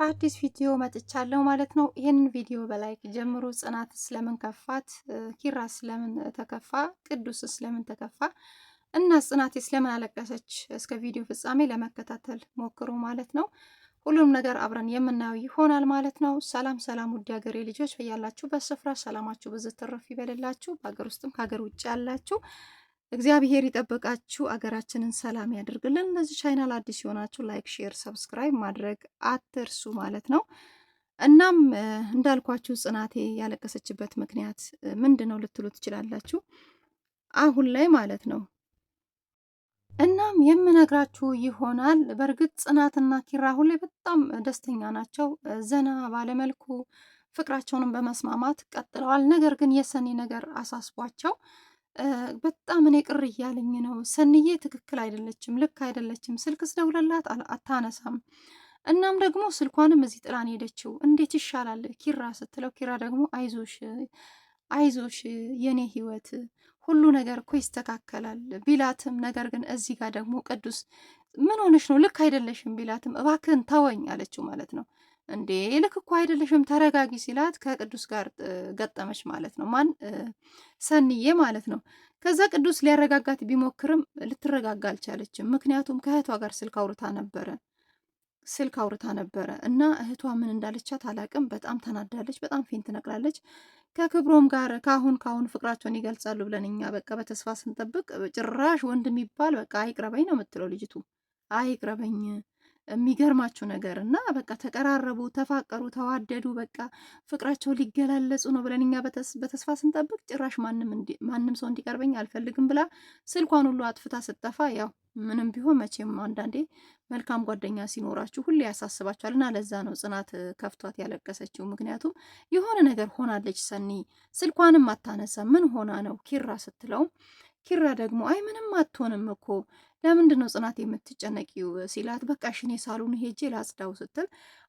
በአዲስ ቪዲዮ መጥቻለሁ ማለት ነው። ይህንን ቪዲዮ በላይክ ጀምሩ። ጽናት ስለምን ከፋት፣ ኪራ ስለምን ተከፋ፣ ቅዱስ ስለምን ተከፋ እና ጽናት ስለምን አለቀሰች እስከ ቪዲዮ ፍጻሜ ለመከታተል ሞክሩ ማለት ነው። ሁሉም ነገር አብረን የምናየው ይሆናል ማለት ነው። ሰላም ሰላም፣ ውድ ሀገሬ ልጆች በያላችሁ በስፍራ ሰላማችሁ ብዙ ትርፍ ይበልላችሁ። በሀገር ውስጥም ከሀገር ውጭ ያላችሁ እግዚአብሔር ይጠበቃችሁ፣ አገራችንን ሰላም ያደርግልን። እነዚህ ቻይናል አዲስ የሆናችሁ ላይክ፣ ሼር፣ ሰብስክራይብ ማድረግ አትርሱ ማለት ነው። እናም እንዳልኳችሁ ጽናቴ ያለቀሰችበት ምክንያት ምንድን ነው ልትሉ ትችላላችሁ፣ አሁን ላይ ማለት ነው። እናም የምነግራችሁ ይሆናል። በእርግጥ ጽናትና ኪራ አሁን ላይ በጣም ደስተኛ ናቸው። ዘና ባለመልኩ ፍቅራቸውንም በመስማማት ቀጥለዋል። ነገር ግን የሰኒ ነገር አሳስቧቸው በጣም እኔ ቅር እያለኝ ነው። ሰንዬ ትክክል አይደለችም፣ ልክ አይደለችም። ስልክ ስደውለላት አታነሳም። እናም ደግሞ ስልኳንም እዚህ ጥላን ሄደችው። እንዴት ይሻላል ኪራ ስትለው፣ ኪራ ደግሞ አይዞሽ አይዞሽ የኔ ህይወት ሁሉ ነገር እኮ ይስተካከላል ቢላትም፣ ነገር ግን እዚህ ጋር ደግሞ ቅዱስ ምን ሆነሽ ነው ልክ አይደለሽም ቢላትም፣ እባክህን ተወኝ አለችው ማለት ነው። እንዴ ልክ እኮ አይደለሽም ተረጋጊ ሲላት ከቅዱስ ጋር ገጠመች ማለት ነው። ማን ሰንዬ ማለት ነው። ከዛ ቅዱስ ሊያረጋጋት ቢሞክርም ልትረጋጋ አልቻለችም። ምክንያቱም ከእህቷ ጋር ስልክ አውርታ ነበረ ስልክ አውርታ ነበረ እና እህቷ ምን እንዳለቻት አላቅም። በጣም ተናዳለች። በጣም ፌንት ትነቅላለች። ከክብሮም ጋር ካሁን ካሁን ፍቅራቸውን ይገልጻሉ ብለን እኛ በቃ በተስፋ ስንጠብቅ ጭራሽ ወንድ የሚባል በቃ አይቅረበኝ ነው የምትለው ልጅቱ አይቅረበኝ የሚገርማችሁ ነገር እና በቃ ተቀራረቡ፣ ተፋቀሩ፣ ተዋደዱ፣ በቃ ፍቅራቸው ሊገላለጹ ነው ብለን እኛ በተስፋ ስንጠብቅ ጭራሽ ማንም ሰው እንዲቀርበኝ አልፈልግም ብላ ስልኳን ሁሉ አጥፍታ ስጠፋ ያው ምንም ቢሆን መቼም አንዳንዴ መልካም ጓደኛ ሲኖራችሁ ሁሌ ያሳስባችኋል። እና ለዛ ነው ጽናት ከፍቷት ያለቀሰችው። ምክንያቱም የሆነ ነገር ሆናለች ሰኒ ስልኳንም አታነሳ ምን ሆና ነው ኪራ ስትለው ኪራ ደግሞ አይ ምንም አትሆንም እኮ ለምንድን ነው ጽናት የምትጨነቂው ሲላት፣ በቃ እሺ እኔ ሳሎን ሄጄ ላጽዳው ስትል፣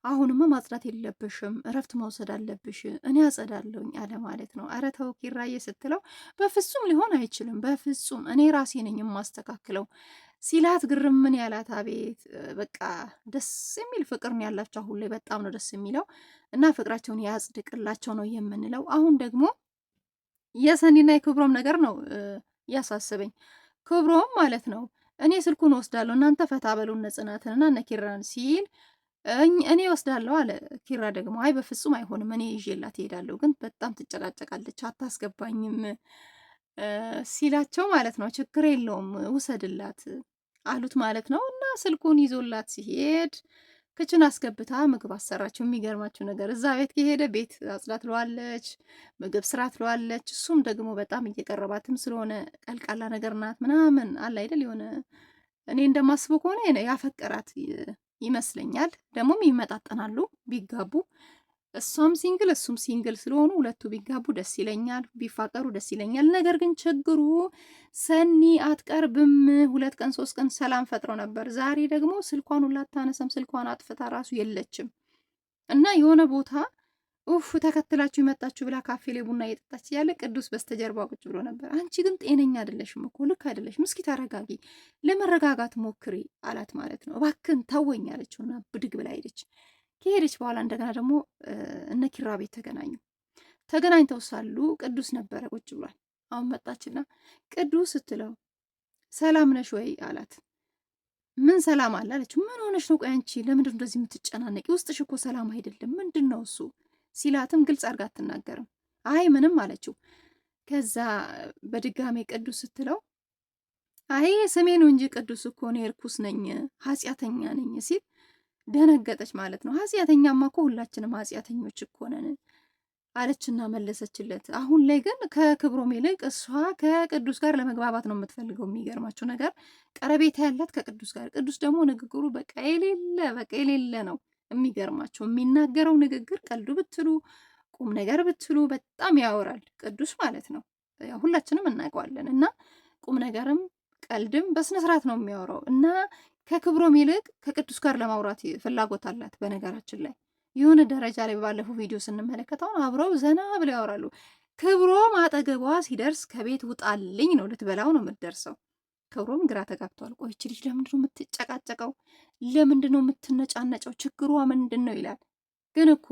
አሁንማ ማጽዳት የለብሽም እረፍት መውሰድ አለብሽ እኔ አጸዳለሁኝ አለ ማለት ነው። ኧረ ተው ኪራዬ ስትለው፣ በፍጹም ሊሆን አይችልም በፍጹም እኔ ራሴ ነኝ የማስተካክለው ሲላት ግርም ምን ያላት አቤት በቃ ደስ የሚል ፍቅር ነው ያላቸው። አሁን ላይ በጣም ነው ደስ የሚለው እና ፍቅራቸውን ያጽድቅላቸው ነው የምንለው። አሁን ደግሞ የሰኒና የክብሮም ነገር ነው ያሳስበኝ። ክብሮም ማለት ነው እኔ ስልኩን ወስዳለሁ፣ እናንተ ፈታ በሉ እነ ጽናትንና እነ ኪራን ሲል እኔ ወስዳለሁ አለ። ኪራ ደግሞ አይ በፍጹም አይሆንም፣ እኔ ይዤላት እሄዳለሁ፣ ግን በጣም ትጨቃጨቃለች፣ አታስገባኝም ሲላቸው ማለት ነው። ችግር የለውም ውሰድላት አሉት ማለት ነው። እና ስልኩን ይዞላት ሲሄድ ክችን አስገብታ ምግብ አሰራችው። የሚገርማችሁ ነገር እዛ ቤት ከሄደ ቤት አጽዳት ለዋለች ምግብ ስራ ትለዋለች። እሱም ደግሞ በጣም እየቀረባትም ስለሆነ ቀልቃላ ነገር ናት ምናምን አለ አይደል የሆነ እኔ እንደማስበው ከሆነ ያፈቀራት ይመስለኛል። ደግሞም ይመጣጠናሉ ቢጋቡ እሷም ሲንግል እሱም ሲንግል ስለሆኑ ሁለቱ ቢጋቡ ደስ ይለኛል፣ ቢፋቀሩ ደስ ይለኛል። ነገር ግን ችግሩ ሰኒ አትቀርብም። ሁለት ቀን ሶስት ቀን ሰላም ፈጥሮ ነበር። ዛሬ ደግሞ ስልኳን ሁላ አታነሳም። ስልኳን አጥፍታ ራሱ የለችም እና የሆነ ቦታ ኡፍ ተከትላችሁ ይመጣችሁ ብላ ካፌ ላይ ቡና እየጠጣች እያለ ቅዱስ በስተጀርባ ቁጭ ብሎ ነበር። አንቺ ግን ጤነኛ አይደለሽም እኮ ልክ አይደለሽም፣ እስኪ ተረጋጊ፣ ለመረጋጋት ሞክሪ አላት ማለት ነው። እባክን ተወኝ አለችውና ብድግ ብላ ሄደች። ከሄደች በኋላ እንደገና ደግሞ እነ ኪራ ቤት ተገናኙ። ተገናኝተው ሳሉ ቅዱስ ነበረ ቁጭ ብሏል። አሁን መጣችና ቅዱስ ስትለው ሰላም ነሽ ወይ አላት። ምን ሰላም አለ አለችው። ምን ሆነሽ ነው? ቆይ አንቺ ለምንድን ነው እንደዚህ የምትጨናነቂ? ውስጥሽ እኮ ሰላም አይደለም። ምንድን ነው እሱ ሲላትም ግልጽ አድርጋ አትናገርም። አይ ምንም አለችው። ከዛ በድጋሜ ቅዱስ ስትለው አይ ስሜ ነው እንጂ ቅዱስ እኮ እኔ እርኩስ ነኝ ኃጢአተኛ ነኝ ሲል ደነገጠች ማለት ነው። ኃጢአተኛማ እኮ ሁላችንም ኃጢአተኞች እኮ ነን አለችና መለሰችለት። አሁን ላይ ግን ከክብሮም ይልቅ እሷ ከቅዱስ ጋር ለመግባባት ነው የምትፈልገው። የሚገርማችሁ ነገር ቀረቤታ ያላት ከቅዱስ ጋር፣ ቅዱስ ደግሞ ንግግሩ በቃ የሌለ በቃ የሌለ ነው። የሚገርማችሁ የሚናገረው ንግግር ቀልዱ ብትሉ ቁም ነገር ብትሉ በጣም ያወራል ቅዱስ ማለት ነው። ሁላችንም እናውቀዋለን እና ቁም ነገርም ቀልድም በስነስርዓት ነው የሚያወራው እና ከክብሮም ይልቅ ከቅዱስ ጋር ለማውራት ፍላጎት አላት። በነገራችን ላይ የሆነ ደረጃ ላይ ባለፈው ቪዲዮ ስንመለከተውን አብረው ዘና ብለው ያወራሉ። ክብሮም አጠገቧ ሲደርስ ከቤት ውጣልኝ ነው፣ ልትበላው ነው የምትደርሰው። ክብሮም ግራ ተጋብቷል። ቆይ ልጅ ለምንድን ነው የምትጨቃጨቀው? ለምንድን ነው የምትነጫነጨው? ችግሯ ምንድን ነው ይላል። ግን እኮ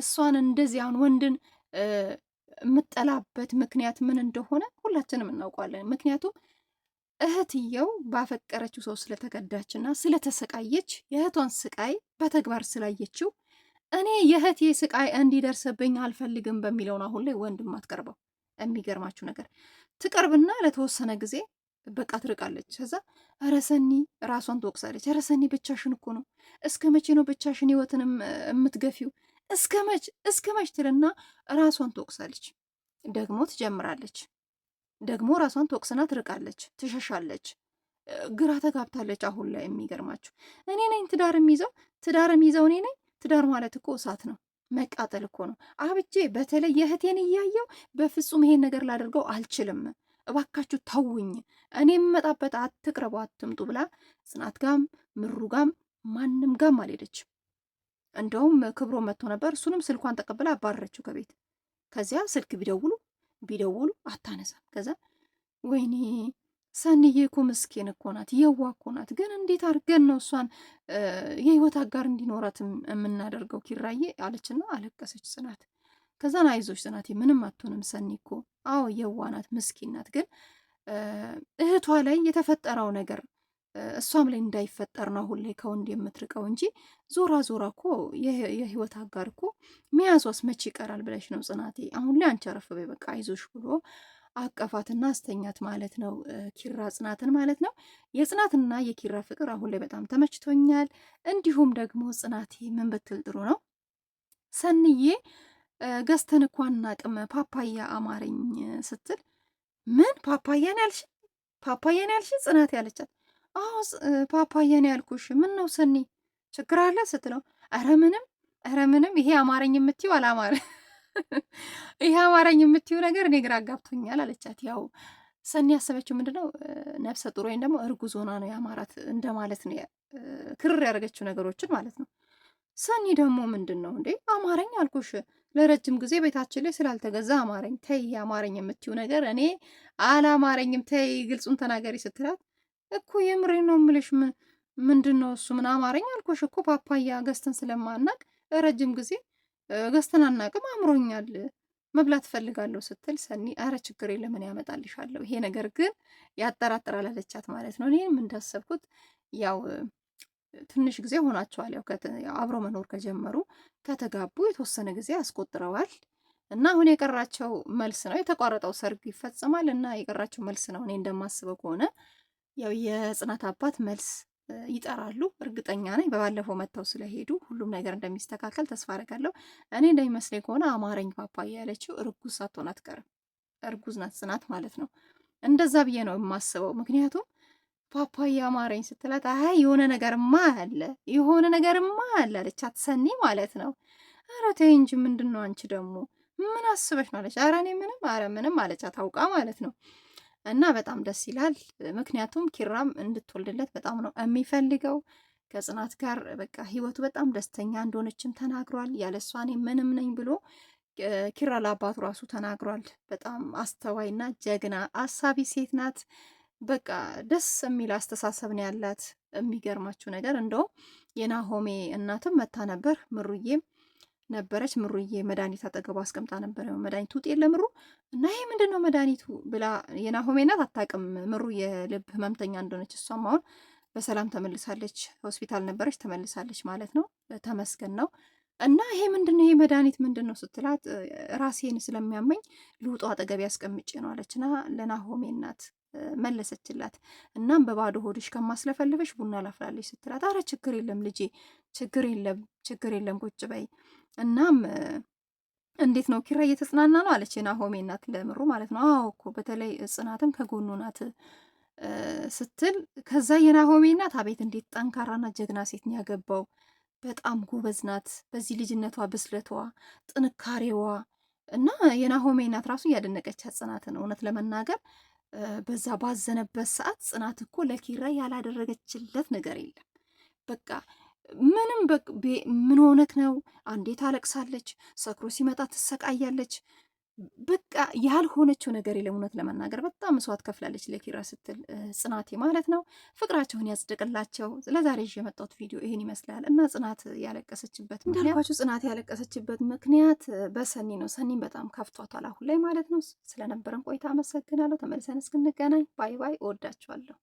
እሷን እንደዚህ አሁን ወንድን የምጠላበት ምክንያት ምን እንደሆነ ሁላችንም እናውቀዋለን። ምክንያቱም እህትየው ባፈቀረችው ሰው ስለተከዳችና ስለተሰቃየች የእህቷን ስቃይ በተግባር ስላየችው እኔ የእህቴ ስቃይ እንዲደርስብኝ አልፈልግም በሚለውን አሁን ላይ ወንድም አትቀርበው። የሚገርማችሁ ነገር ትቀርብና ለተወሰነ ጊዜ በቃ ትርቃለች። ከዛ ረሰኒ ራሷን ትወቅሳለች። ረሰኒ ብቻሽን እኮ ነው፣ እስከ መቼ ነው ብቻሽን ህይወትን የምትገፊው? እስከ መች እስከ መች ትልና ራሷን ትወቅሳለች። ደግሞ ትጀምራለች ደግሞ ራሷን ተወቅስና ትርቃለች፣ ትሸሻለች፣ ግራ ተጋብታለች። አሁን ላይ የሚገርማችሁ እኔ ነኝ ትዳር የሚይዘው ትዳር የሚይዘው እኔ ነኝ። ትዳር ማለት እኮ እሳት ነው፣ መቃጠል እኮ ነው። አብጄ በተለይ የእህቴን እያየው በፍጹም ይሄን ነገር ላደርገው አልችልም። እባካችሁ ተውኝ፣ እኔ የምመጣበት አትቅረቡ፣ አትምጡ ብላ ጽናት ጋም ምሩ ጋም ማንም ጋም አልሄደች። እንደውም ክብሮ መጥቶ ነበር። እሱንም ስልኳን ተቀብላ አባረረችው ከቤት። ከዚያ ስልክ ቢደውሉ ቢደውሉ አታነሳም። ከዛ ወይኔ ሰንዬ እኮ ምስኪን እኮ ናት፣ የዋ እኮ ናት። ግን እንዴት አድርገን ነው እሷን የህይወት አጋር እንዲኖራት የምናደርገው ኪራዬ አለችና አለቀሰች ጽናት። ከዛን አይዞች ጽናቴ፣ ምንም አትሆንም ሰኒ እኮ አዎ የዋ ናት፣ ምስኪን ናት። ግን እህቷ ላይ የተፈጠረው ነገር እሷም ላይ እንዳይፈጠር ነው አሁን ላይ ከወንድ የምትርቀው እንጂ ዞራ ዞራ እኮ የህይወት አጋር እኮ መያዟስ መቼ ይቀራል ብለሽ ነው ጽናቴ። አሁን ላይ አንቺ አረፍ በይ በቃ አይዞሽ ብሎ አቀፋትና አስተኛት ማለት ነው ኪራ ጽናትን ማለት ነው። የጽናትና የኪራ ፍቅር አሁን ላይ በጣም ተመችቶኛል። እንዲሁም ደግሞ ጽናቴ ምን ብትል ጥሩ ነው ሰንዬ ገዝተን እኮ አናቅም ፓፓያ አማረኝ ስትል ምን ፓፓያን ያልሽ ፓፓያን ያልሽ ጽናት ያለቻት አዎ ፓፓያ ነው ያልኩሽ። ምን ነው ስኒ ችግር አለ ስትለው፣ ኧረ ምንም ኧረ ምንም ይሄ አማረኝ የምትይው አላማረ ይሄ አማረኝ የምትይው ነገር እኔ ግራ አጋብቶኛል አለቻት። ያው ስኒ ያሰበችው ምንድን ነው ነፍሰ ጡር ወይም ደግሞ እርጉዝ ሆና ነው የአማራት እንደማለት ነው። ክርር ያደረገችው ነገሮችን ማለት ነው። ስኒ ደግሞ ምንድን ነው እንዴ አማረኝ አልኩሽ ለረጅም ጊዜ ቤታችን ላይ ስላልተገዛ አማረኝ። ተይ አማረኝ የምትይው ነገር እኔ አላማረኝም፣ ተይ ግልጹን ተናገሪ ስትላት እኮ የምሬ ነው ምልሽ። ምንድን ነው እሱ? ምን አማረኝ አልኩሽ እኮ ፓፓያ ገዝተን ስለማናቅ ረጅም ጊዜ ገዝተን አናቅም፣ አምሮኛል መብላት ፈልጋለሁ ስትል ሰኒ አረ ችግር ለምን ያመጣልሻለሁ፣ ይሄ ነገር ግን ያጠራጥራል አለቻት ማለት ነው። እኔም እንዳሰብኩት ያው ትንሽ ጊዜ ሆናቸዋል፣ ያው አብሮ መኖር ከጀመሩ ከተጋቡ የተወሰነ ጊዜ ያስቆጥረዋል። እና አሁን የቀራቸው መልስ ነው። የተቋረጠው ሰርግ ይፈጸማል እና የቀራቸው መልስ ነው እኔ እንደማስበው ከሆነ ያው የጽናት አባት መልስ ይጠራሉ። እርግጠኛ ነኝ በባለፈው መጥተው ስለሄዱ ሁሉም ነገር እንደሚስተካከል ተስፋ አደርጋለሁ። እኔ እንደሚመስለኝ ከሆነ አማረኝ ፓፓዬ ያለችው እርጉዝ ሳትሆን አትቀርም። እርጉዝ ናት ጽናት ማለት ነው። እንደዛ ብዬ ነው የማስበው። ምክንያቱም ፓፓዬ አማረኝ ስትላት አይ የሆነ ነገርማ አለ የሆነ ነገርማ አለ አለች አትሰኒ ማለት ነው። ኧረ ተይ እንጂ ምንድን ነው አንቺ ደግሞ ምን አስበሽ ማለች። አለች። እኔ ምንም አረ ምንም አለች አታውቃ ማለት ነው። እና በጣም ደስ ይላል። ምክንያቱም ኪራም እንድትወልድለት በጣም ነው የሚፈልገው። ከጽናት ጋር በቃ ህይወቱ በጣም ደስተኛ እንደሆነችም ተናግሯል። ያለሷ እኔ ምንም ነኝ ብሎ ኪራ ለአባቱ ራሱ ተናግሯል። በጣም አስተዋይና ጀግና አሳቢ ሴት ናት። በቃ ደስ የሚል አስተሳሰብ ነው ያላት። የሚገርማችሁ ነገር እንደውም የናሆሜ እናትም መታ ነበር ምሩዬም ነበረች። ምሩዬ መድኃኒት አጠገቡ አስቀምጣ ነበረ። መድኃኒቱ ውጤ ለምሩ እና ይህ ምንድን ነው መድኃኒቱ ብላ የናሆሜ እናት አታውቅም ምሩ የልብ ህመምተኛ እንደሆነች። እሷም አሁን በሰላም ተመልሳለች። ሆስፒታል ነበረች ተመልሳለች ማለት ነው። ተመስገን ነው። እና ይሄ ምንድን ነው ይሄ መድኃኒት ምንድን ነው ስትላት ራሴን ስለሚያመኝ ልውጦ አጠገቤ አስቀምጬ ነው አለችና ለናሆሜ እናት መለሰችላት። እናም በባዶ ሆድሽ ከማስለፈልፈሽ ቡና ላፍላለች ስትላት፣ አረ ችግር የለም ልጄ፣ ችግር የለም ችግር የለም ቁጭ በይ እናም እንዴት ነው ኪራ እየተጽናና ነው አለች የናሆሜ እናት ለምሩ ማለት ነው። አዎ እኮ በተለይ ጽናትም ከጎኑ ናት ስትል ከዛ የናሆሜ እናት አቤት እንዴት ጠንካራና ጀግና ሴት ነው ያገባው፣ በጣም ጎበዝ ናት። በዚህ ልጅነቷ ብስለቷ፣ ጥንካሬዋ እና የናሆሜ እናት ራሱ እያደነቀቻት ጽናትን እውነት ለመናገር በዛ ባዘነበት ሰዓት ጽናት እኮ ለኪራ ያላደረገችለት ነገር የለም በቃ ምንም ምን ሆነክ ነው? አንዴ ታለቅሳለች፣ ሰክሮ ሲመጣ ትሰቃያለች። በቃ ያልሆነችው ነገር የለም። እውነት ለመናገር በጣም መስዋዕት ከፍላለች ለኪራ ስትል ጽናቴ ማለት ነው። ፍቅራቸውን ያጽድቅላቸው። ለዛሬ ይዤ የመጣሁት ቪዲዮ ይህን ይመስላል እና ጽናት ያለቀሰችበት ምክንያቱ ጽናት ያለቀሰችበት ምክንያት በሰኒ ነው። ሰኒን በጣም ከፍቷታል አሁን ላይ ማለት ነው። ስለነበረን ቆይታ አመሰግናለሁ። ተመልሰን እስክንገናኝ ባይ ባይ። እወዳችኋለሁ።